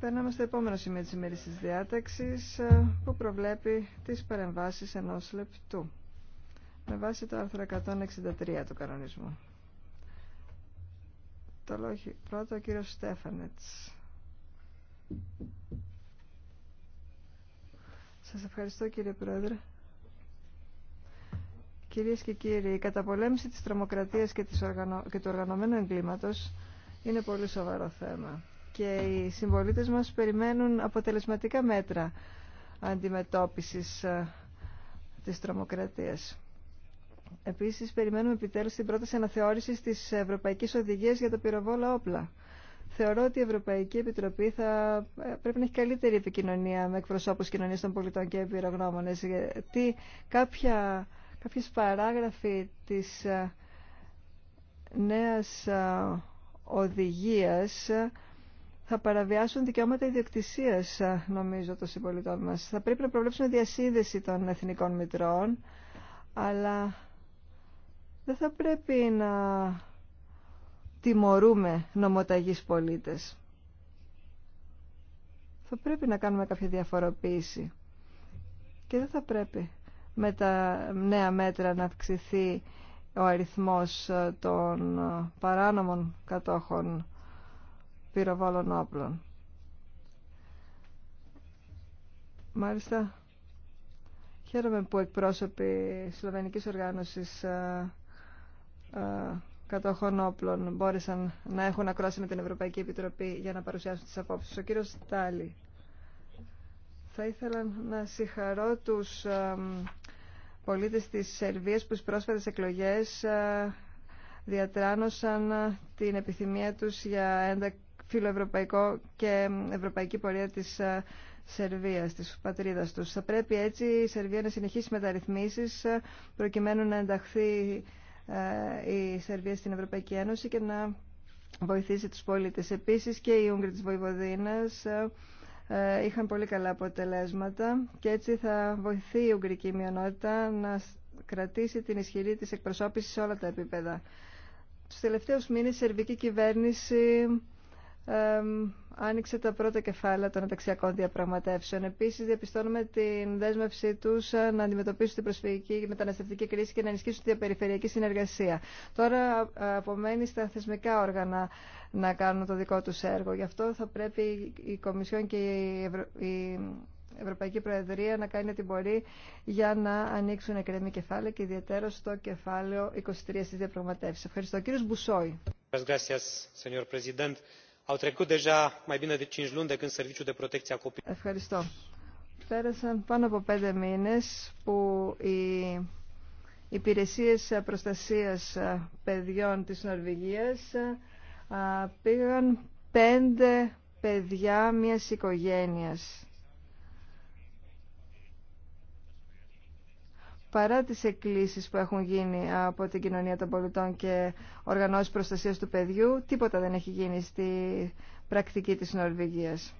Περνάμε στο επόμενο σημείο της ημέρης της διάταξης ε, που προβλέπει τις παρεμβάσεις ενός λεπτού με βάση το άρθρο 163 του κανονισμού. Το λόγο πρώτο ο κύριος Στέφανετς. Σας ευχαριστώ κύριε Πρόεδρε. Κυρίες και κύριοι, η καταπολέμηση της τρομοκρατίας και του οργανωμένου εγκλήματος είναι πολύ σοβαρό θέμα και οι συμπολίτες μας περιμένουν αποτελεσματικά μέτρα αντιμετώπισης ε, της τρομοκρατίας. Επίσης, περιμένουμε επιτέλους την πρόταση αναθεώρηση της Ευρωπαϊκής Οδηγία για τα πυροβόλα όπλα. Θεωρώ ότι η Ευρωπαϊκή Επιτροπή θα ε, πρέπει να έχει καλύτερη επικοινωνία με εκπροσώπους κοινωνίας των πολιτών και εμπειρογνώμονες, γιατί κάποια, κάποιες παράγραφοι της ε, νέας οδηγίας θα παραβιάσουν δικαιώματα ιδιοκτησίας, νομίζω, των συμπολιτών μας. Θα πρέπει να προβλέψουμε διασύνδεση των εθνικών μητρών, αλλά δεν θα πρέπει να τιμωρούμε νομοταγείς πολίτες. Θα πρέπει να κάνουμε κάποια διαφοροποίηση και δεν θα πρέπει με τα νέα μέτρα να αυξηθεί ο αριθμός ε, των ε, παράνομων κατόχων πυροβόλων όπλων. Μάλιστα, χαίρομαι που εκπρόσωποι Σλοβενικής Οργάνωσης ε, κατόχων όπλων μπόρεσαν να έχουν ακρόαση με την Ευρωπαϊκή Επιτροπή για να παρουσιάσουν τις απόψεις. Ο κύριος Τάλι. Θα ήθελα να συγχαρώ τους πολίτες της Σερβίας που στις πρόσφατες εκλογές ε, διατράνωσαν ε, την επιθυμία τους για ένα φιλοευρωπαϊκό και ευρωπαϊκή πορεία της ε, Σερβίας, της πατρίδας τους. Θα πρέπει έτσι η Σερβία να συνεχίσει μεταρρυθμίσεις προκειμένου να ενταχθεί η Σερβία στην Ευρωπαϊκή Ένωση και να βοηθήσει τους πολίτες. Επίσης και οι Ούγγροι της Βοηβοδίνας ε, είχαν πολύ καλά αποτελέσματα και έτσι θα βοηθεί η Ουγγρική μειονότητα να κρατήσει την ισχυρή της εκπροσώπηση σε όλα τα επίπεδα. Τους τελευταίους μήνες η Σερβική κυβέρνηση άνοιξε τα πρώτα κεφάλαια των ανταξιακών διαπραγματεύσεων. Επίση, διαπιστώνουμε την δέσμευσή του ε, να αντιμετωπίσουν την προσφυγική και μεταναστευτική κρίση και να ενισχύσουν τη διαπεριφερειακή συνεργασία. Τώρα ε, απομένει στα θεσμικά όργανα να κάνουν το δικό του έργο. Γι' αυτό θα πρέπει η Κομισιόν και η, Ευρωπαϊκή Προεδρία να κάνει ό,τι μπορεί για να ανοίξουν εκκρεμή κεφάλαια και ιδιαίτερα στο κεφάλαιο 23 τη διαπραγματεύση. Ευχαριστώ. Κύριο Μπουσόη. Ευχαριστώ. Πέρασαν πάνω από πέντε μήνες που οι υπηρεσίες προστασίας παιδιών της Νορβηγίας πήγαν πέντε παιδιά μια οικογένειας παρά τις εκκλήσεις που έχουν γίνει από την κοινωνία των πολιτών και οργανώσεις προστασίας του παιδιού, τίποτα δεν έχει γίνει στη πρακτική της Νορβηγίας.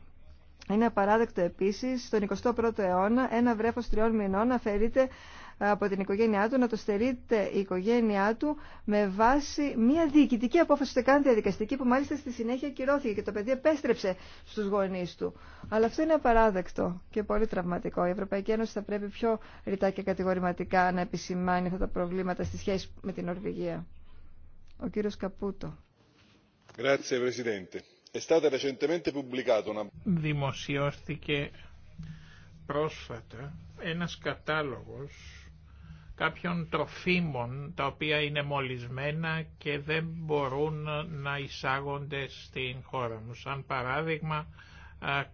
Είναι απαράδεκτο επίσης, στον 21ο αιώνα, ένα βρέφος τριών μηνών αφαιρείται από την οικογένειά του, να το στερείται η οικογένειά του με βάση μια διοικητική απόφαση, ούτε καν διαδικαστική, που μάλιστα στη συνέχεια κυρώθηκε και το παιδί επέστρεψε στου γονείς του. Αλλά αυτό είναι απαράδεκτο και πολύ τραυματικό. Η Ευρωπαϊκή Ένωση θα πρέπει πιο ρητά και κατηγορηματικά να επισημάνει αυτά τα προβλήματα στη σχέση με την Νορβηγία. Ο κύριο Καπούτο. Grazie, Presidente. È recentemente una... Δημοσιώθηκε πρόσφατα ένας κατάλογος κάποιων τροφίμων τα οποία είναι μολυσμένα και δεν μπορούν να εισάγονται στην χώρα μου. Σαν παράδειγμα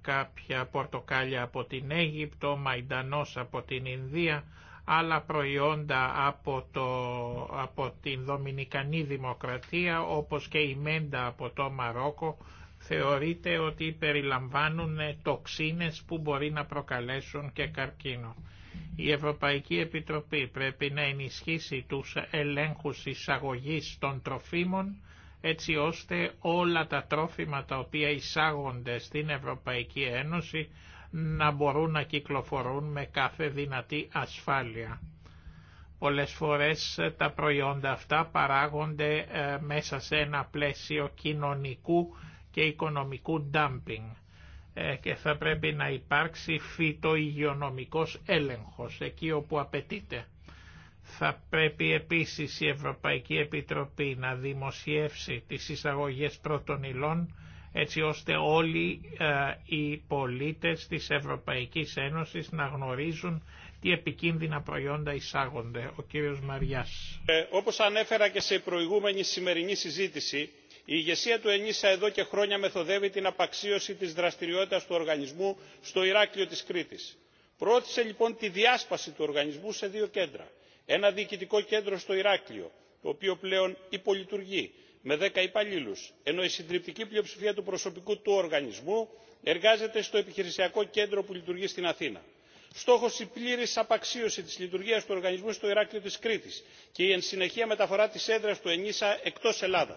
κάποια πορτοκάλια από την Αίγυπτο, μαϊντανός από την Ινδία, άλλα προϊόντα από, από την Δομινικανή Δημοκρατία όπως και η μέντα από το Μαρόκο θεωρείται ότι περιλαμβάνουν τοξίνες που μπορεί να προκαλέσουν και καρκίνο. Η Ευρωπαϊκή Επιτροπή πρέπει να ενισχύσει τους ελέγχους εισαγωγής των τροφίμων έτσι ώστε όλα τα τρόφιμα τα οποία εισάγονται στην Ευρωπαϊκή Ένωση να μπορούν να κυκλοφορούν με κάθε δυνατή ασφάλεια. Πολλές φορές τα προϊόντα αυτά παράγονται ε, μέσα σε ένα πλαίσιο κοινωνικού και οικονομικού dumping. Ε, και θα πρέπει να υπάρξει φυτοϊγειονομικός έλεγχος εκεί όπου απαιτείται. Θα πρέπει επίσης η Ευρωπαϊκή Επιτροπή να δημοσιεύσει τις εισαγωγές πρώτων υλών έτσι ώστε όλοι ε, οι πολίτες της Ευρωπαϊκής Ένωσης να γνωρίζουν τι επικίνδυνα προϊόντα εισάγονται. Ο κύριος Μαριάς. Ε, όπως ανέφερα και σε προηγούμενη σημερινή συζήτηση, η ηγεσία του ενίσα εδώ και χρόνια μεθοδεύει την απαξίωση της δραστηριότητας του οργανισμού στο ηράκλειο της κρήτης. προώθησε λοιπόν τη διάσπαση του οργανισμού σε δύο κέντρα ένα διοικητικό κέντρο στο ηράκλειο το οποίο πλέον υπολειτουργεί με δέκα υπαλλήλου ενώ η συντριπτική πλειοψηφία του προσωπικού του οργανισμού εργάζεται στο επιχειρησιακό κέντρο που λειτουργεί στην αθήνα. στόχο η πλήρη απαξίωση τη λειτουργία του οργανισμού στο ηράκλειο τη κρήτη και η εν συνεχεία μεταφορά τη έδρα του ενίσα εκτό ελλάδα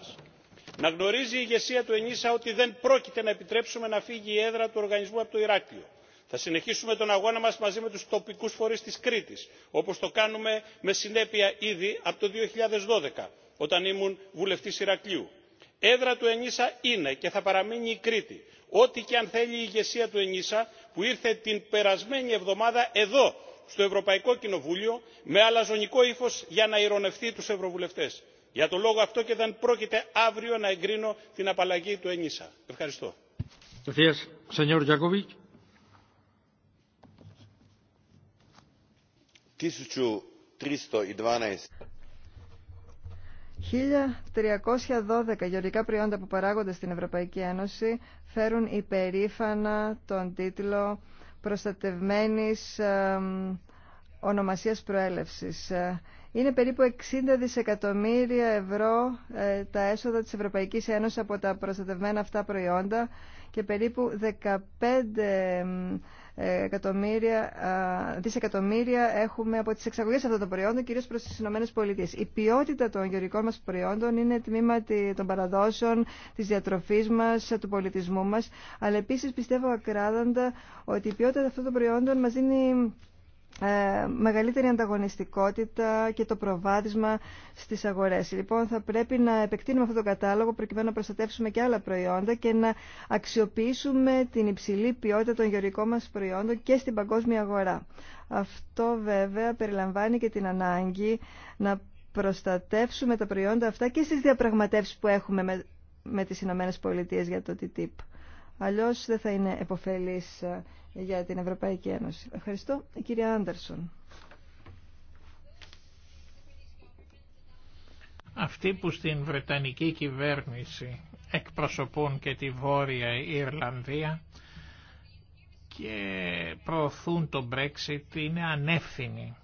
να γνωρίζει η ηγεσία του ενίσα ότι δεν πρόκειται να επιτρέψουμε να φύγει η έδρα του οργανισμού από το ηράκλειο. θα συνεχίσουμε τον αγώνα μας μαζί με τους τοπικούς φορείς της κρήτης όπως το κάνουμε με συνέπεια ήδη από το 2012 όταν ήμουν βουλευτής ηρακλείου. έδρα του ενίσα είναι και θα παραμείνει η κρήτη ό,τι και αν θέλει η ηγεσία του ενίσα που ήρθε την περασμένη εβδομάδα εδώ στο ευρωπαϊκό κοινοβούλιο με αλαζονικό ύφος για να ηρωνευτεί τους ευρωβουλευτές για τον λόγο αυτό και δεν πρόκειται αύριο να εγκρίνω την απαλλαγή του ενίσα. ευχαριστώ. Ευχαριστώ. 1312 γεωργικά προϊόντα που παράγονται στην Ευρωπαϊκή Ένωση φέρουν υπερήφανα τον τίτλο προστατευμένης ονομασίας προέλευσης. Είναι περίπου 60 δισεκατομμύρια ευρώ ε, τα έσοδα της Ευρωπαϊκής Ένωσης από τα προστατευμένα αυτά προϊόντα και περίπου 15 ε, εκατομμύρια, δισεκατομμύρια έχουμε από τις εξαγωγές αυτών των προϊόντων, κυρίως προς τις Ηνωμένες Πολιτείες. Η ποιότητα των γεωργικών μας προϊόντων είναι τμήμα των παραδόσεων, της διατροφής μας, του πολιτισμού μας, αλλά επίσης πιστεύω ακράδαντα ότι η ποιότητα αυτών των προϊόντων μας δίνει ε, μεγαλύτερη ανταγωνιστικότητα και το προβάδισμα στις αγορές. Λοιπόν, θα πρέπει να επεκτείνουμε αυτό το κατάλογο προκειμένου να προστατεύσουμε και άλλα προϊόντα και να αξιοποιήσουμε την υψηλή ποιότητα των γεωργικών μας προϊόντων και στην παγκόσμια αγορά. Αυτό βέβαια περιλαμβάνει και την ανάγκη να προστατεύσουμε τα προϊόντα αυτά και στις διαπραγματεύσεις που έχουμε με, με τις ΗΠΑ για το TTIP. Αλλιώς δεν θα είναι επωφελής ε, για την Ευρωπαϊκή Ένωση. Ευχαριστώ. Η κυρία Άντερσον. Αυτοί που στην Βρετανική κυβέρνηση εκπροσωπούν και τη Βόρεια Ιρλανδία και προωθούν το Brexit είναι ανεύθυνοι.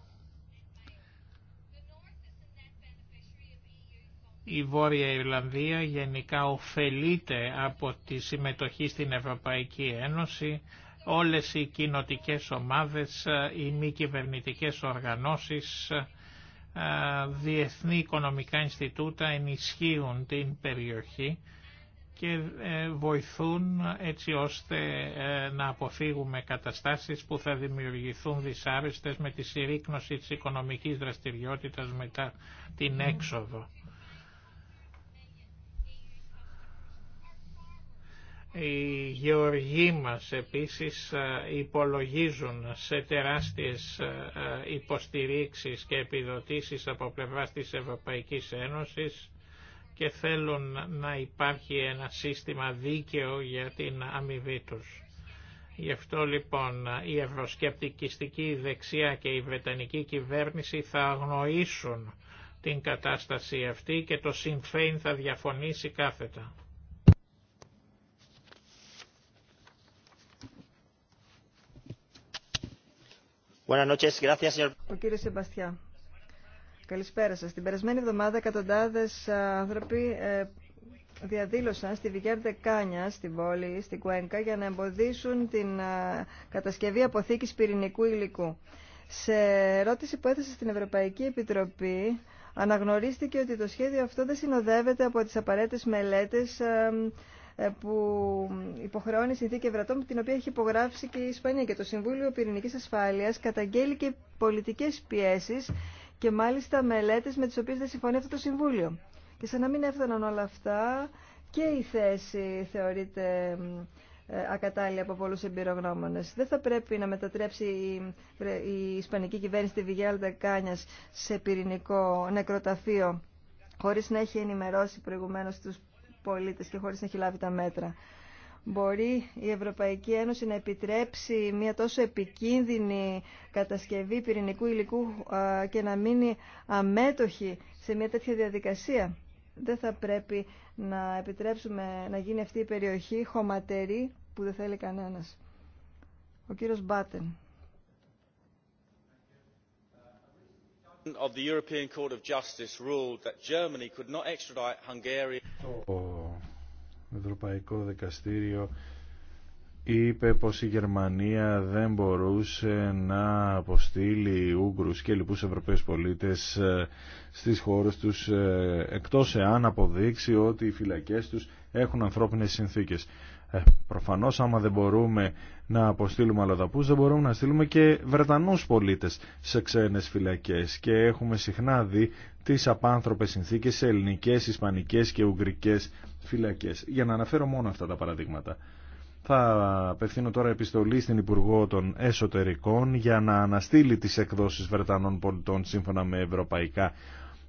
Η Βόρεια Ιρλανδία γενικά ωφελείται από τη συμμετοχή στην Ευρωπαϊκή Ένωση. Όλες οι κοινοτικές ομάδες, ε, οι μη κυβερνητικέ οργανώσεις, ε, ε, διεθνή οικονομικά Ινστιτούτα ενισχύουν την περιοχή και βοηθούν έτσι ώστε να αποφύγουμε καταστάσεις που θα δημιουργηθούν δυσάρεστες με τη συρρήκνωση της οικονομικής δραστηριότητας μετά την έξοδο. Οι γεωργοί μας επίσης ε, υπολογίζουν σε τεράστιες ε, ε, υποστηρίξεις και επιδοτήσεις από πλευράς της Ευρωπαϊκής Ένωσης και θέλουν να υπάρχει ένα σύστημα δίκαιο για την αμοιβή τους. Γι' αυτό λοιπόν η ευρωσκεπτικιστική δεξιά και η βρετανική κυβέρνηση θα αγνοήσουν την κατάσταση αυτή και το συμφέιν θα διαφωνήσει κάθετα. Ο κύριο Σεμπαστιά. Καλησπέρα σα. Την περασμένη εβδομάδα εκατοντάδε ε, άνθρωποι ε, διαδήλωσαν στη Βιγέρντε Κάνια, στην πόλη, στην Κουένκα, για να εμποδίσουν την ε, κατασκευή αποθήκη πυρηνικού υλικού. Σε ερώτηση που έθεσε στην Ευρωπαϊκή Επιτροπή, αναγνωρίστηκε ότι το σχέδιο αυτό δεν συνοδεύεται από τις απαραίτητες μελέτες ε, που υποχρεώνει συνθήκη Ευρατών, την οποία έχει υπογράψει και η Ισπανία. Και το Συμβούλιο Πυρηνικής Ασφάλειας καταγγέλει και πολιτικές πιέσεις και μάλιστα μελέτες με τις οποίες δεν συμφωνεί αυτό το Συμβούλιο. Και σαν να μην έφταναν όλα αυτά και η θέση θεωρείται ε, ακατάλληλη από πολλούς εμπειρογνώμονες. Δεν θα πρέπει να μετατρέψει η, ε, Ισπανική κυβέρνηση τη Βιγέλντα Κάνιας σε πυρηνικό νεκροταφείο χωρίς να έχει ενημερώσει προηγουμένως τους πολίτες και χωρίς να έχει λάβει τα μέτρα. Μπορεί η Ευρωπαϊκή Ένωση να επιτρέψει μια τόσο επικίνδυνη κατασκευή πυρηνικού υλικού και να μείνει αμέτωχη σε μια τέτοια διαδικασία. Δεν θα πρέπει να επιτρέψουμε να γίνει αυτή η περιοχή χωματερή που δεν θέλει κανένας. Ο κύριος Μπάτεν. Ο Ευρωπαϊκό Δικαστήριο είπε πως η Γερμανία δεν μπορούσε να αποστείλει Ούγκρους και λοιπούς Ευρωπαίους πολίτες ε, στις χώρες τους ε, εκτός εάν αποδείξει ότι οι φυλακές τους έχουν ανθρώπινες συνθήκες. Ε, προφανώς άμα δεν μπορούμε να αποστείλουμε αλλοδαπούς δεν μπορούμε να στείλουμε και Βρετανούς πολίτες σε ξένες φυλακές και έχουμε συχνά δει τις απάνθρωπες συνθήκες σε ελληνικές, ισπανικές και ουγγρικές φυλακές. Για να αναφέρω μόνο αυτά τα παραδείγματα. Θα απευθύνω τώρα επιστολή στην Υπουργό των Εσωτερικών για να αναστείλει τις εκδόσεις Βρετανών πολιτών σύμφωνα με ευρωπαϊκά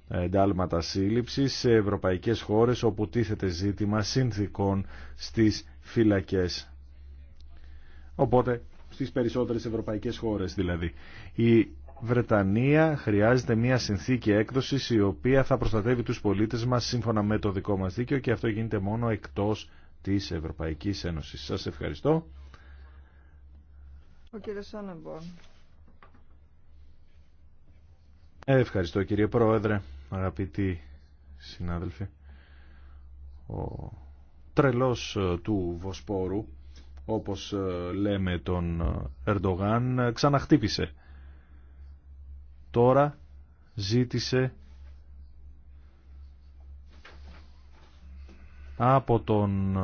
εντάλματα σύλληψης σε ευρωπαϊκές χώρες όπου τίθεται ζήτημα συνθήκων στις φυλακές. Οπότε στις περισσότερες ευρωπαϊκές χώρες δηλαδή. Η Βρετανία χρειάζεται μια συνθήκη έκδοσης η οποία θα προστατεύει τους πολίτες μας σύμφωνα με το δικό μας δίκαιο και αυτό γίνεται μόνο εκτός της Ευρωπαϊκής Ένωσης. Σας ευχαριστώ. Ο κύριος ε, Ευχαριστώ κύριε Πρόεδρε, αγαπητοί συνάδελφοι τρελός ε, του Βοσπόρου, όπως ε, λέμε τον ε, Ερντογάν, ξαναχτύπησε. Τώρα ζήτησε από τον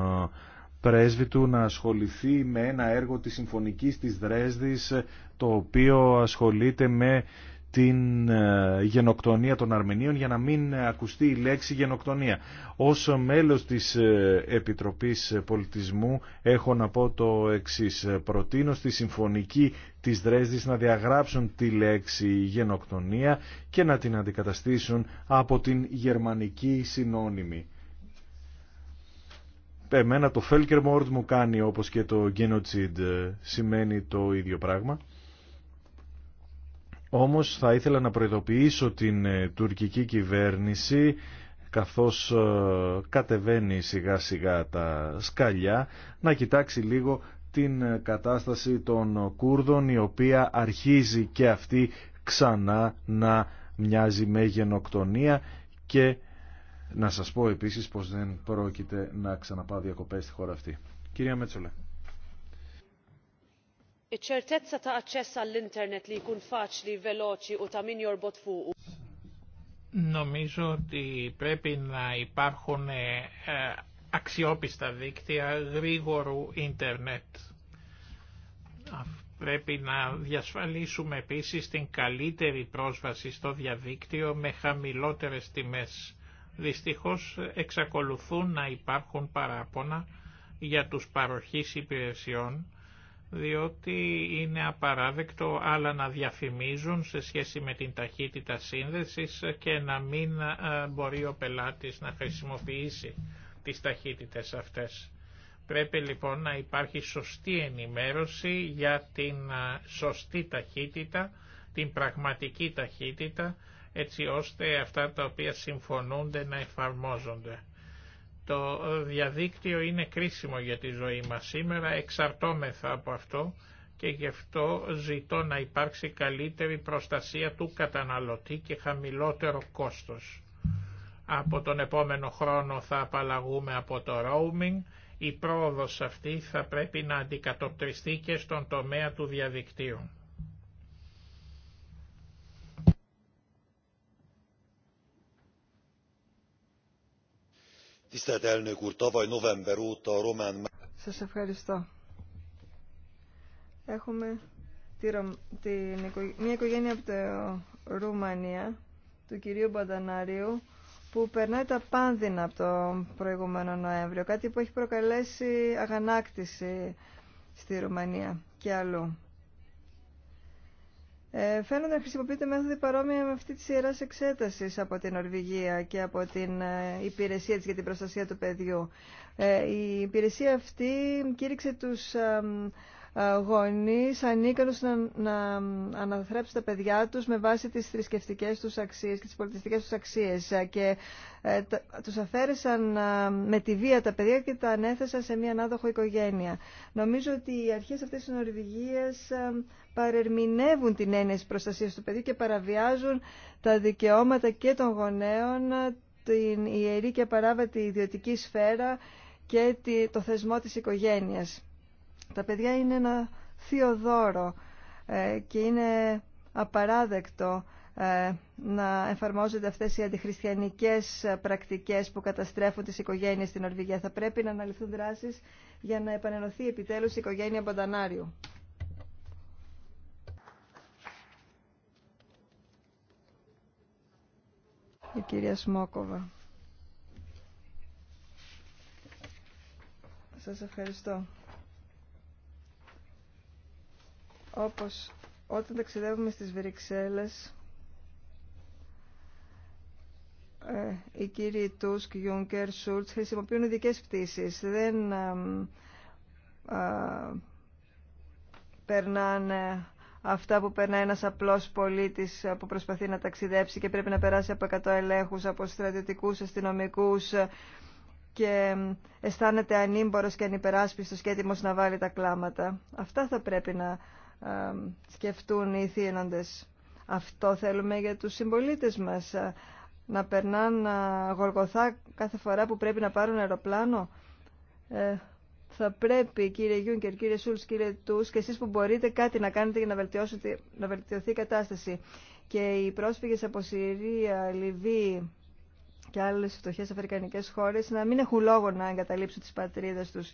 πρέσβη του να ασχοληθεί με ένα έργο της Συμφωνικής της Δρέσδης το οποίο ασχολείται με την ε, γενοκτονία των Αρμενίων για να μην ακουστεί η λέξη γενοκτονία. Ως μέλος της ε, Επιτροπής Πολιτισμού έχω να πω το εξής. Προτείνω στη Συμφωνική της Δρέσδης να διαγράψουν τη λέξη γενοκτονία και να την αντικαταστήσουν από την γερμανική συνώνυμη. Εμένα το Felkermord μου κάνει όπως και το Genocide ε, σημαίνει το ίδιο πράγμα. Όμως θα ήθελα να προειδοποιήσω την ε, τουρκική κυβέρνηση καθώς ε, κατεβαίνει σιγά σιγά τα σκαλιά να κοιτάξει λίγο την ε, κατάσταση των Κούρδων η οποία αρχίζει και αυτή ξανά να μοιάζει με γενοκτονία και να σας πω επίσης πως δεν πρόκειται να ξαναπάω διακοπές στη χώρα αυτή. Κυρία Μέτσολε ta' faċli, ta' Νομίζω ότι πρέπει να υπάρχουν αξιόπιστα δίκτυα γρήγορου ίντερνετ. Πρέπει να διασφαλίσουμε επίσης την καλύτερη πρόσβαση στο διαδίκτυο με χαμηλότερες τιμές. Δυστυχώς εξακολουθούν να υπάρχουν παράπονα για τους παροχείς υπηρεσιών διότι είναι απαράδεκτο άλλα να διαφημίζουν σε σχέση με την ταχύτητα σύνδεσης και να μην ε, μπορεί ο πελάτης να χρησιμοποιήσει τις ταχύτητες αυτές. Πρέπει λοιπόν να υπάρχει σωστή ενημέρωση για την ε, σωστή ταχύτητα, την πραγματική ταχύτητα, έτσι ώστε αυτά τα οποία συμφωνούνται να εφαρμόζονται. Το διαδίκτυο είναι κρίσιμο για τη ζωή μας σήμερα, εξαρτώμεθα από αυτό και γι' αυτό ζητώ να υπάρξει καλύτερη προστασία του καταναλωτή και χαμηλότερο κόστος. Από τον επόμενο χρόνο θα απαλλαγούμε από το roaming. Η πρόοδος αυτή θα πρέπει να αντικατοπτριστεί και στον τομέα του διαδικτύου. Σας ευχαριστώ. Έχουμε μια οικογένεια από τη Ρουμανία, του κυρίου Μπαντανάριου, που περνάει τα πάνδυνα από το προηγούμενο Νοέμβριο, κάτι που έχει προκαλέσει αγανάκτηση στη Ρουμανία και αλλού. Ε, φαίνονται να χρησιμοποιείται μέθοδη παρόμοια με αυτή τη ιερά εξέταση από την Ορβηγία και από την ε, υπηρεσία τη για την προστασία του παιδιού. Ε, η υπηρεσία αυτή κήρυξε του ε, γονείς ανίκανους να, να αναθρέψουν τα παιδιά τους με βάση τις θρησκευτικέ τους αξίες και τις πολιτιστικές τους αξίες ε, και ε, τους αφαίρεσαν ε, με τη βία τα παιδιά και τα ανέθεσαν σε μια ανάδοχο οικογένεια. Νομίζω ότι οι αρχές αυτής της Νορβηγίας παρερμηνεύουν την έννοια της προστασίας του παιδιού και παραβιάζουν τα δικαιώματα και των γονέων, την ιερή και απαράβατη ιδιωτική σφαίρα και το θεσμό της οικογένειας. Τα παιδιά είναι ένα θείο δώρο ε, και είναι απαράδεκτο ε, να εφαρμόζονται αυτές οι αντιχριστιανικές πρακτικές που καταστρέφουν τις οικογένειες στην Ορβηγία. Θα πρέπει να αναλυθούν δράσεις για να επανενωθεί επιτέλους η οικογένεια Μποντανάριου. Η κυρία Σμόκοβα. Σας ευχαριστώ. όπως όταν ταξιδεύουμε στις Βρυξέλλες ε, οι κύριοι Τούσκ, Γιούνκερ, Σούλτς χρησιμοποιούν ειδικέ πτήσεις. Δεν α, ε, ε, περνάνε αυτά που περνά ένας απλός πολίτης που προσπαθεί να ταξιδέψει και πρέπει να περάσει από 100 ελέγχους, από στρατιωτικούς, αστυνομικούς και αισθάνεται ανήμπορος και ανυπεράσπιστος και έτοιμος να βάλει τα κλάματα. Αυτά θα πρέπει να σκεφτούν οι θύνοντες. Αυτό θέλουμε για τους συμπολίτες μας, ε, να περνάνε γολγοθα κάθε φορά που πρέπει να πάρουν αεροπλάνο. Ε, θα πρέπει κύριε Γιούνκερ, κύριε Σούλς, κύριε Τούς και εσείς που μπορείτε κάτι να κάνετε για να, βελτιώσετε, να βελτιωθεί η κατάσταση. Και οι πρόσφυγες από Συρία, Λιβύη και άλλες φτωχές αφρικανικές χώρες να μην έχουν λόγο να εγκαταλείψουν τις πατρίδες τους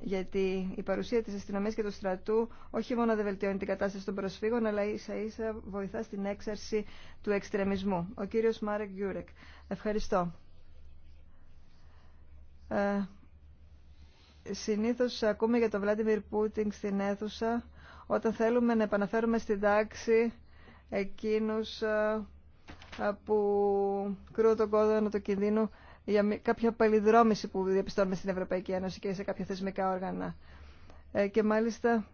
γιατί η παρουσία της αστυνομίας και του στρατού όχι μόνο δεν βελτιώνει την κατάσταση των προσφύγων, αλλά ίσα ίσα βοηθά στην έξαρση του εξτρεμισμού. Ο κύριος Μάρεκ Γιούρεκ. Ευχαριστώ. Ε, συνήθως ακούμε για τον Βλάντιμιρ Πούτινγκ στην αίθουσα όταν θέλουμε να επαναφέρουμε στην τάξη εκείνους ε, που κρούω τον κόδωνα του κινδύνου για κάποια παλιδρόμηση που διαπιστώνουμε στην Ευρωπαϊκή Ένωση και σε κάποια θεσμικά όργανα. Ε, και μάλιστα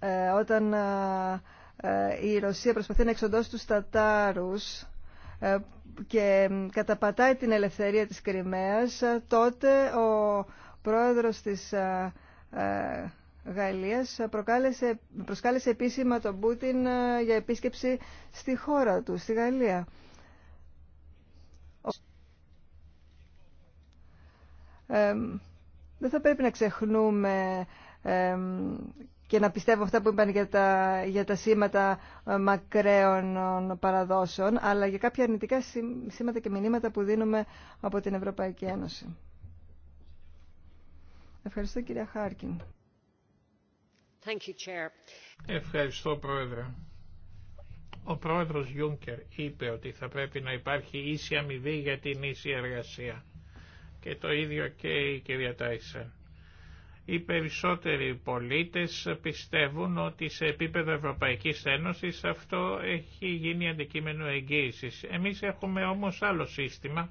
ε, όταν ε, η Ρωσία προσπαθεί να εξοντώσει τους Τατάρους και καταπατάει την ελευθερία της Κρυμαίας, τότε ο πρόεδρος της Γαλλίας προσκάλεσε επίσημα τον Πούτιν για επίσκεψη στη χώρα του, στη Γαλλία. δεν θα πρέπει να ξεχνούμε και να πιστεύω αυτά που είπαν για τα, για σήματα ε, μακραίων ε, παραδόσεων, αλλά για κάποια αρνητικά σήματα και μηνύματα που δίνουμε από την Ευρωπαϊκή Ένωση. Ευχαριστώ κυρία Χάρκιν. Ευχαριστώ Πρόεδρε. Ο Πρόεδρος Γιούνκερ είπε ότι θα πρέπει να υπάρχει ίση αμοιβή για την ίση εργασία και το ίδιο και η κυρία Τάισεν. Οι περισσότεροι πολίτες πιστεύουν ότι σε επίπεδο Ευρωπαϊκής Ένωσης αυτό έχει γίνει αντικείμενο εγγύησης. Εμείς έχουμε όμως άλλο σύστημα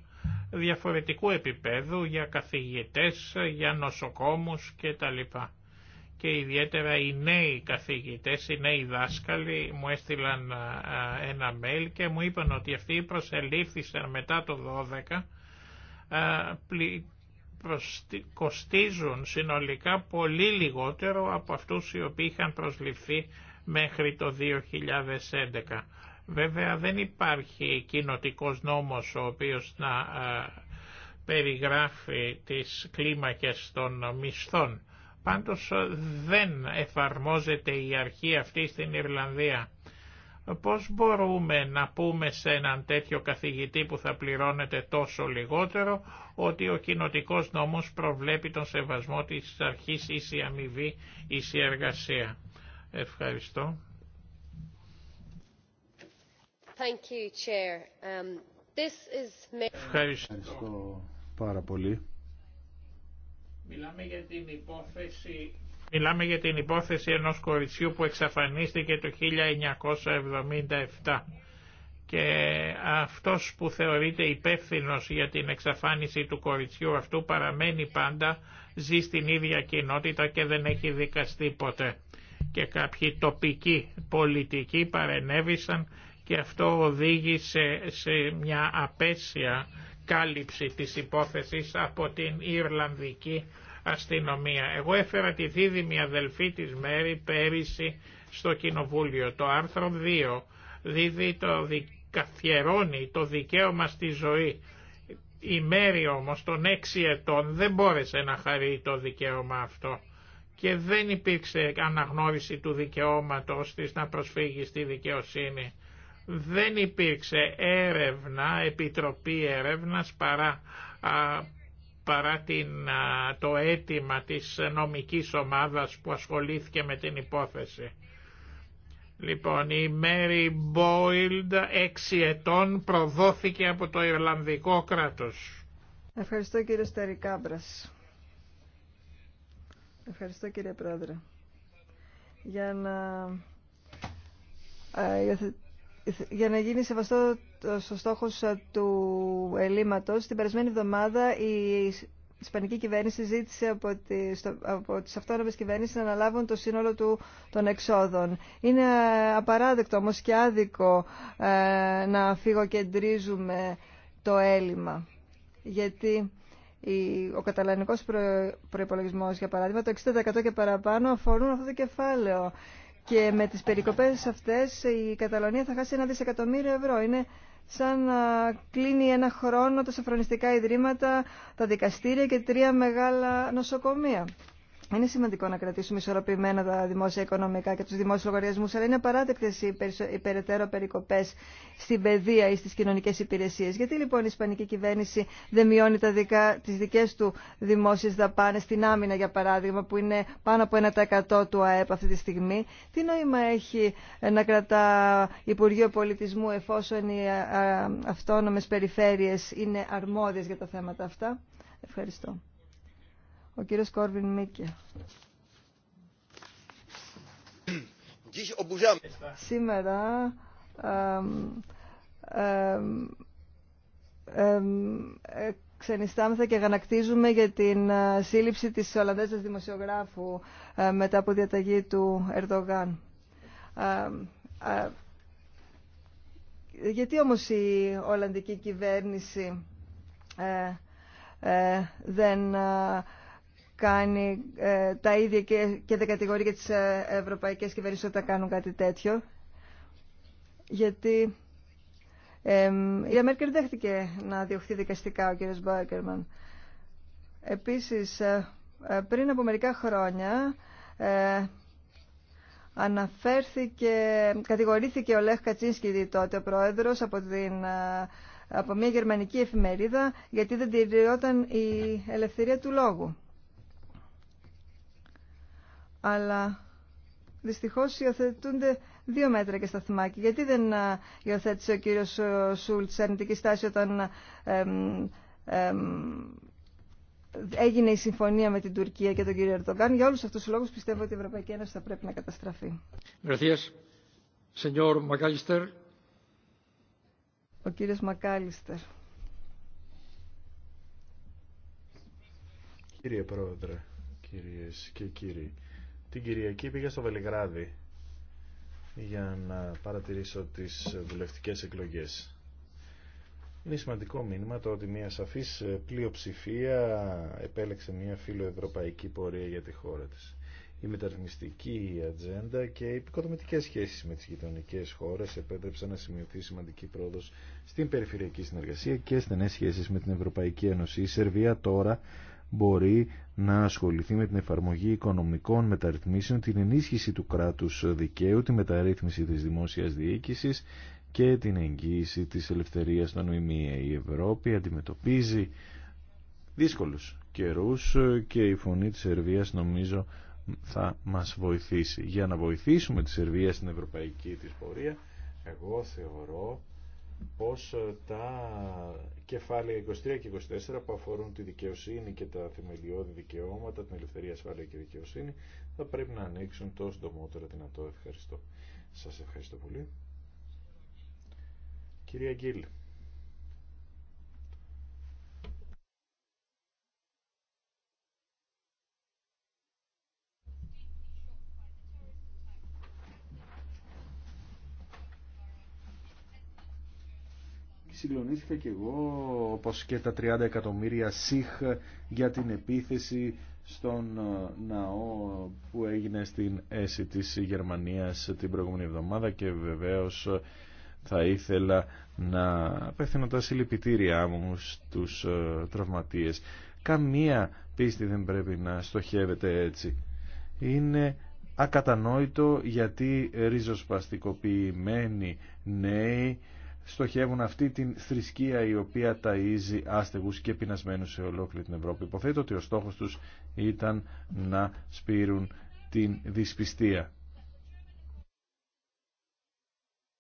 διαφορετικού επίπεδου για καθηγητές, για νοσοκόμους κτλ. Και ιδιαίτερα οι νέοι καθηγητές, οι νέοι δάσκαλοι μου έστειλαν ένα mail και μου είπαν ότι αυτοί προσελήφθησαν μετά το 12 ε, κοστίζουν συνολικά πολύ λιγότερο από αυτούς οι οποίοι είχαν προσληφθεί μέχρι το 2011. Βέβαια δεν υπάρχει κοινοτικός νόμος ο οποίος να ε, περιγράφει τις κλίμακες των μισθών. Πάντως ε, δεν εφαρμόζεται η αρχή αυτή στην Ιρλανδία. Πώς μπορούμε να πούμε σε έναν τέτοιο καθηγητή που θα πληρώνεται τόσο λιγότερο ότι ο κοινοτικό νόμος προβλέπει τον σεβασμό της αρχής ίση αμοιβή, ίση εργασία. Ευχαριστώ. Um, Ευχαριστώ. Ευχαριστώ πάρα πολύ. Μιλάμε για την υπόθεση Μιλάμε για την υπόθεση ενός κοριτσιού που εξαφανίστηκε το 1977 και αυτός που θεωρείται υπεύθυνο για την εξαφάνιση του κοριτσιού αυτού παραμένει πάντα, ζει στην ίδια κοινότητα και δεν έχει δικαστεί ποτέ. Και κάποιοι τοπικοί πολιτικοί παρενέβησαν και αυτό οδήγησε σε μια απέσια κάλυψη της υπόθεσης από την Ιρλανδική αστυνομία. Εγώ έφερα τη δίδυμη αδελφή της Μέρη πέρυσι στο Κοινοβούλιο. Το άρθρο 2 δίδει το, καθιερώνει το δικαίωμα στη ζωή. Η Μέρη όμως των 6 ετών δεν μπόρεσε να χαρεί το δικαίωμα αυτό και δεν υπήρξε αναγνώριση του δικαιώματος της να προσφύγει στη δικαιοσύνη. Δεν υπήρξε έρευνα, επιτροπή έρευνας παρά παρά την, το αίτημα της νομικής ομάδας που ασχολήθηκε με την υπόθεση. Λοιπόν, η Μέρι Μπόιλντ έξι ετών προδόθηκε από το Ιρλανδικό κράτος. Ευχαριστώ κύριε Στερικάμπρας. Ευχαριστώ κύριε Πρόεδρε. Για να, για να γίνει σεβαστό στο στόχο ε, του ελλείμματο. την περασμένη εβδομάδα η Ισπανική κυβέρνηση ζήτησε από τις, από τις αυτόνομες κυβέρνησεις να αναλάβουν το σύνολο του, των εξόδων. Είναι ε, απαράδεκτο όμως και άδικο ε, να φυγοκεντρίζουμε το έλλειμμα. Γιατί ο καταλανικός προϋπολογισμός, για παράδειγμα, το 60% και παραπάνω αφορούν αυτό το κεφάλαιο. Και με τις περικοπές αυτές η Καταλωνία θα χάσει ένα δισεκατομμύριο ευρώ. Είναι σαν να κλείνει ένα χρόνο τα σοφρονιστικά ιδρύματα, τα δικαστήρια και τρία μεγάλα νοσοκομεία. Είναι σημαντικό να κρατήσουμε ισορροπημένα τα δημόσια οικονομικά και του δημόσιου λογαριασμού, αλλά είναι απαράδεκτε οι περαιτέρω περικοπέ στην παιδεία ή στι κοινωνικέ υπηρεσίε. Γιατί λοιπόν η Ισπανική κυβέρνηση δεν μειώνει τι δικέ του δημόσιε δαπάνε στην άμυνα, για παράδειγμα, που είναι πάνω από 1% του ΑΕΠ αυτή τη στιγμή. Τι νόημα έχει ε, να κρατά Υπουργείο Πολιτισμού εφόσον οι ε, ε, αυτόνομε περιφέρειε είναι αρμόδιε για τα θέματα αυτά. Ευχαριστώ ο κύριος Κόρβιν Μίκε. Σήμερα ξενιστάμεθα και γανακτίζουμε για την ε, σύλληψη της Ολλανδέζας δημοσιογράφου ε, μετά από διαταγή του Ερδογάν. Ε, γιατί όμως η Ολλανδική κυβέρνηση δεν κάνει ε, τα ίδια και, και δεν κατηγορεί και τις ε, ευρωπαϊκές κυβερνήσεις όταν κάνουν κάτι τέτοιο. Γιατί ε, η Αμέρκερ δέχτηκε να διωχθεί δικαστικά ο κ. Μπάκερμαν. Επίσης, ε, πριν από μερικά χρόνια αναφέρθηκε, κατηγορήθηκε ο Λέχ Κατσίνσκι τότε ο πρόεδρος από, την, μια γερμανική εφημερίδα γιατί δεν τηρεόταν η ελευθερία του λόγου αλλά δυστυχώς υιοθετούνται δύο μέτρα και σταθμάκι. Γιατί δεν ε, υιοθέτησε ο κύριος ε, Σούλτς αρνητική στάση όταν έγινε η συμφωνία με την Τουρκία και τον κύριο Ερντογκάν. Για όλους αυτούς τους λόγους πιστεύω ότι η Ευρωπαϊκή Ένωση θα πρέπει να καταστραφεί. Ο κύριος Μακάλιστερ. Κύριε Πρόεδρε, κυρίες και κύριοι, την Κυριακή πήγα στο Βελιγράδι για να παρατηρήσω τις βουλευτικές εκλογές. Είναι σημαντικό μήνυμα το ότι μια σαφής πλειοψηφία επέλεξε μια φιλοευρωπαϊκή πορεία για τη χώρα της. Η μεταρρυθμιστική ατζέντα και οι επικοδομητικές σχέσεις με τις γειτονικές χώρες επέτρεψαν να σημειωθεί σημαντική πρόοδος στην περιφερειακή συνεργασία και στενές σχέσεις με την Ευρωπαϊκή Ένωση. Η Σερβία τώρα μπορεί να ασχοληθεί με την εφαρμογή οικονομικών μεταρρυθμίσεων, την ενίσχυση του κράτους δικαίου, τη μεταρρύθμιση της δημόσιας διοίκησης και την εγγύηση της ελευθερίας των ΜΜΕ. Η Ευρώπη αντιμετωπίζει δύσκολους καιρούς και η φωνή της Σερβίας νομίζω θα μας βοηθήσει. Για να βοηθήσουμε τη Σερβία στην ευρωπαϊκή της πορεία, εγώ θεωρώ πως ε, τα κεφάλαια 23 και 24 που αφορούν τη δικαιοσύνη και τα θεμελιώδη δικαιώματα, την ελευθερία, ασφάλεια και δικαιοσύνη θα πρέπει να ανοίξουν το συντομότερο δυνατό. Ευχαριστώ. Σας ευχαριστώ πολύ. Κυρία Γκίλ. συγκλονίστηκα και εγώ όπως και τα 30 εκατομμύρια ΣΥΧ για την επίθεση στον ε, ναό που έγινε στην έση της Γερμανίας την προηγούμενη εβδομάδα και βεβαίως ε, θα ήθελα να απευθύνω τα συλληπιτήριά μου στους ε, τραυματίες. Καμία πίστη δεν πρέπει να στοχεύεται έτσι. Είναι ακατανόητο γιατί ριζοσπαστικοποιημένοι νέοι στοχεύουν αυτή την θρησκεία η οποία ταΐζει άστεγους και πεινασμένους σε ολόκληρη την Ευρώπη. Υποθέτω ότι ο στόχος τους ήταν να σπείρουν την δυσπιστία.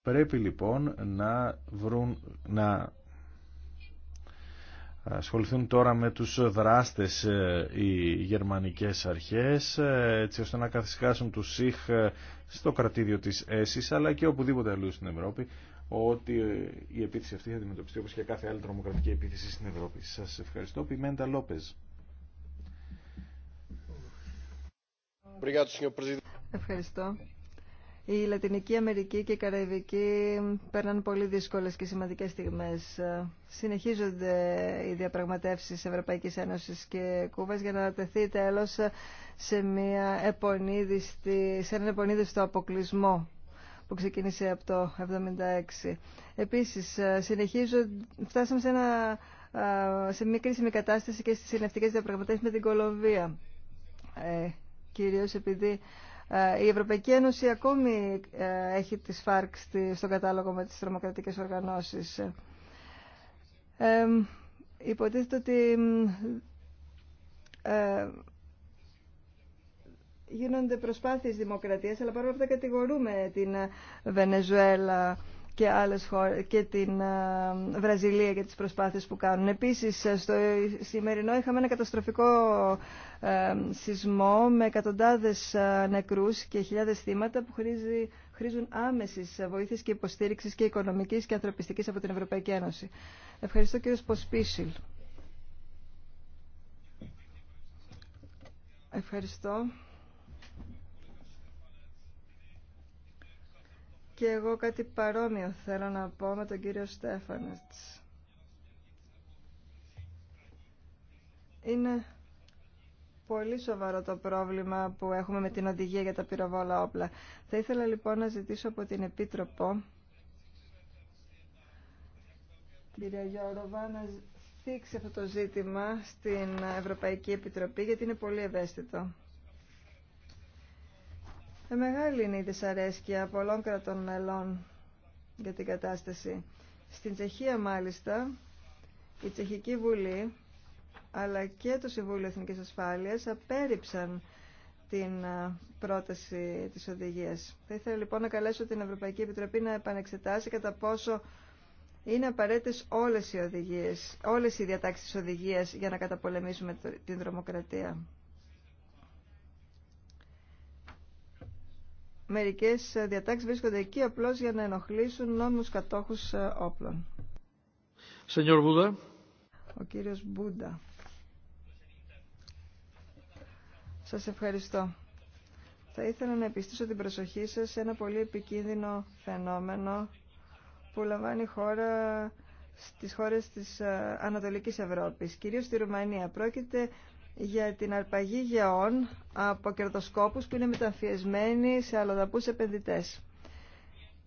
Πρέπει λοιπόν να βρουν, να ασχοληθούν τώρα με τους δράστες ε, οι γερμανικές αρχές ε, έτσι ώστε να καθισκάσουν τους ΣΥΧ ε, στο κρατήδιο της ΕΣΙΣ αλλά και οπουδήποτε αλλού στην Ευρώπη ότι η επίθεση αυτή θα αντιμετωπιστεί όπως και κάθε άλλη τρομοκρατική επίθεση στην Ευρώπη. Σας ευχαριστώ. Πιμέντα Λόπεζ. Ευχαριστώ. Η Λατινική Αμερική και η Καραϊβική παίρνουν πολύ δύσκολες και σημαντικές στιγμές. Συνεχίζονται οι διαπραγματεύσεις Ευρωπαϊκής Ένωσης και Κούβας για να τεθεί τέλος σε, μια σε έναν επονίδιστο αποκλεισμό που ξεκίνησε από το 1976. Επίσης, ε, συνεχίζω, φτάσαμε σε, ένα, ε, σε μια κρίσιμη κατάσταση και στις συνευτικές διαπραγματεύσεις με την Κολομβία. Ε, κυρίως επειδή ε, η Ευρωπαϊκή Ένωση ακόμη έχει τις ΦΑΡΚ στον κατάλογο με τις τρομοκρατικές οργανώσεις. υποτίθεται ότι ε, γίνονται προσπάθειες δημοκρατίας, αλλά παρόλα αυτά κατηγορούμε την Βενεζουέλα και, άλλες και την Βραζιλία για τις προσπάθειες που κάνουν. Επίσης, στο σημερινό είχαμε ένα καταστροφικό ε, σεισμό με εκατοντάδες νεκρούς και χιλιάδες θύματα που χρήζει, χρήζουν άμεσης βοήθειας και υποστήριξης και οικονομικής και ανθρωπιστικής από την Ευρωπαϊκή Ένωση. Ευχαριστώ κύριο Ποσπίσιλ. Ευχαριστώ. Και εγώ κάτι παρόμοιο θέλω να πω με τον κύριο Στέφανετς. Είναι πολύ σοβαρό το πρόβλημα που έχουμε με την οδηγία για τα πυροβόλα όπλα. Θα ήθελα λοιπόν να ζητήσω από την Επίτροπο, κυρία Γιώροβα, να θίξει αυτό το ζήτημα στην Ευρωπαϊκή Επιτροπή, γιατί είναι πολύ ευαίσθητο. Ε, μεγάλη είναι η δυσαρέσκεια πολλών κρατών μελών για την κατάσταση. Στην Τσεχία μάλιστα η Τσεχική Βουλή αλλά και το Συμβούλιο Εθνικής Ασφάλειας απέρριψαν την πρόταση της οδηγίας. Θα ήθελα λοιπόν να καλέσω την Ευρωπαϊκή Επιτροπή να επανεξετάσει κατά πόσο είναι απαραίτητες όλες οι οδηγίες, όλες οι διατάξεις της οδηγίας για να καταπολεμήσουμε την δρομοκρατία. μερικές ε, διατάξεις βρίσκονται εκεί απλώς για να ενοχλήσουν νόμιμους κατόχους ε, όπλων. Ο κύριος Μπούντα. Σας ευχαριστώ. Θα ήθελα να επιστήσω την προσοχή σας σε ένα πολύ επικίνδυνο φαινόμενο που λαμβάνει χώρα στις χώρες της ε, Ανατολικής Ευρώπης, κυρίως στη Ρουμανία. Πρόκειται για την αρπαγή γεών από κερδοσκόπους που είναι μεταμφιεσμένοι σε αλλοδαπούς επενδυτές.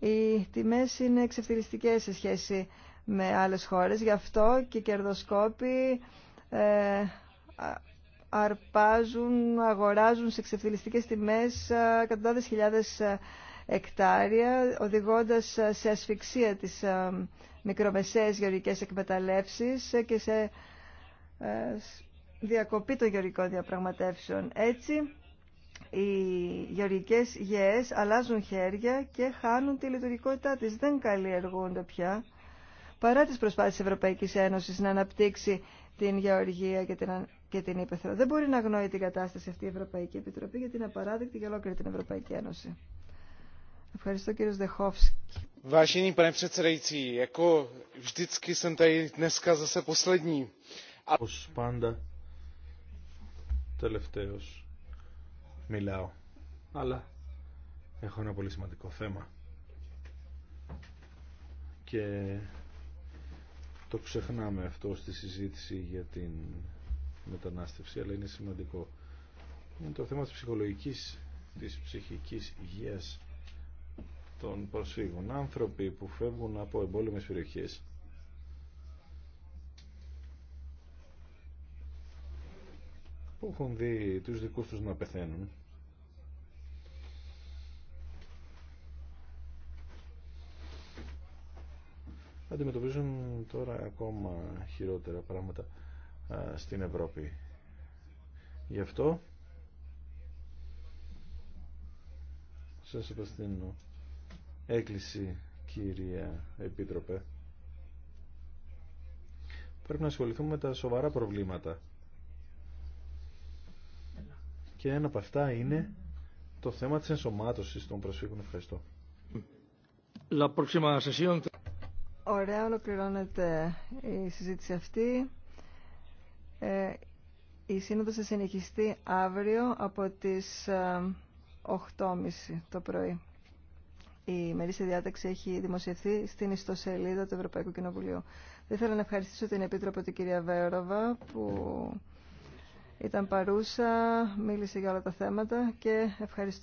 Οι τιμές είναι εξευθυριστικές σε σχέση με άλλες χώρες, γι' αυτό και οι κερδοσκόποι ε, αρπάζουν, αγοράζουν σε εξευθυριστικές τιμές ε, εκατοντάδες χιλιάδες ε, εκτάρια, οδηγώντας σε ασφυξία τις μικρομεσαίες γεωργικές εκμεταλλεύσεις και σε διακοπή των γεωργικών διαπραγματεύσεων. Έτσι, οι γεωργικές γεές αλλάζουν χέρια και χάνουν τη λειτουργικότητά της. Δεν καλλιεργούνται πια, παρά τις προσπάθειες Ευρωπαϊκής Ένωσης να αναπτύξει την γεωργία και την, και την Δεν μπορεί να αγνοεί την κατάσταση αυτή η Ευρωπαϊκή Επιτροπή γιατί είναι απαράδεκτη για ολόκληρη την Ευρωπαϊκή Ένωση. Ευχαριστώ κύριο Δεχόφσκι. pane předsedající, jako vždycky jsem tady dneska zase poslední. Όπως τελευταίος μιλάω. Αλλά έχω ένα πολύ σημαντικό θέμα. Και το ξεχνάμε αυτό στη συζήτηση για την μετανάστευση, αλλά είναι σημαντικό. Είναι το θέμα της ψυχολογικής, της ψυχικής υγείας των προσφύγων. Άνθρωποι που φεύγουν από εμπόλεμες περιοχές που έχουν δει τους δικούς τους να πεθαίνουν αντιμετωπίζουν τώρα ακόμα χειρότερα πράγματα στην Ευρώπη. Γι' αυτό σας επαστήνω έκκληση κυρία Επίτροπε. Πρέπει να ασχοληθούμε με τα σοβαρά προβλήματα και ένα από αυτά είναι το θέμα της ενσωμάτωσης των προσφύγων. Ευχαριστώ. Ωραία, ολοκληρώνεται η συζήτηση αυτή. Ε, η σύνοδο θα συνεχιστεί αύριο από τις 8.30 ε, το πρωί. Η μερίσια διάταξη έχει δημοσιευθεί στην ιστοσελίδα του Ευρωπαϊκού Κοινοβουλίου. Δεν θέλω να ευχαριστήσω την Επίτροπο την κυρία Βέροβα που ήταν παρούσα, μίλησε για όλα τα θέματα και ευχαριστώ.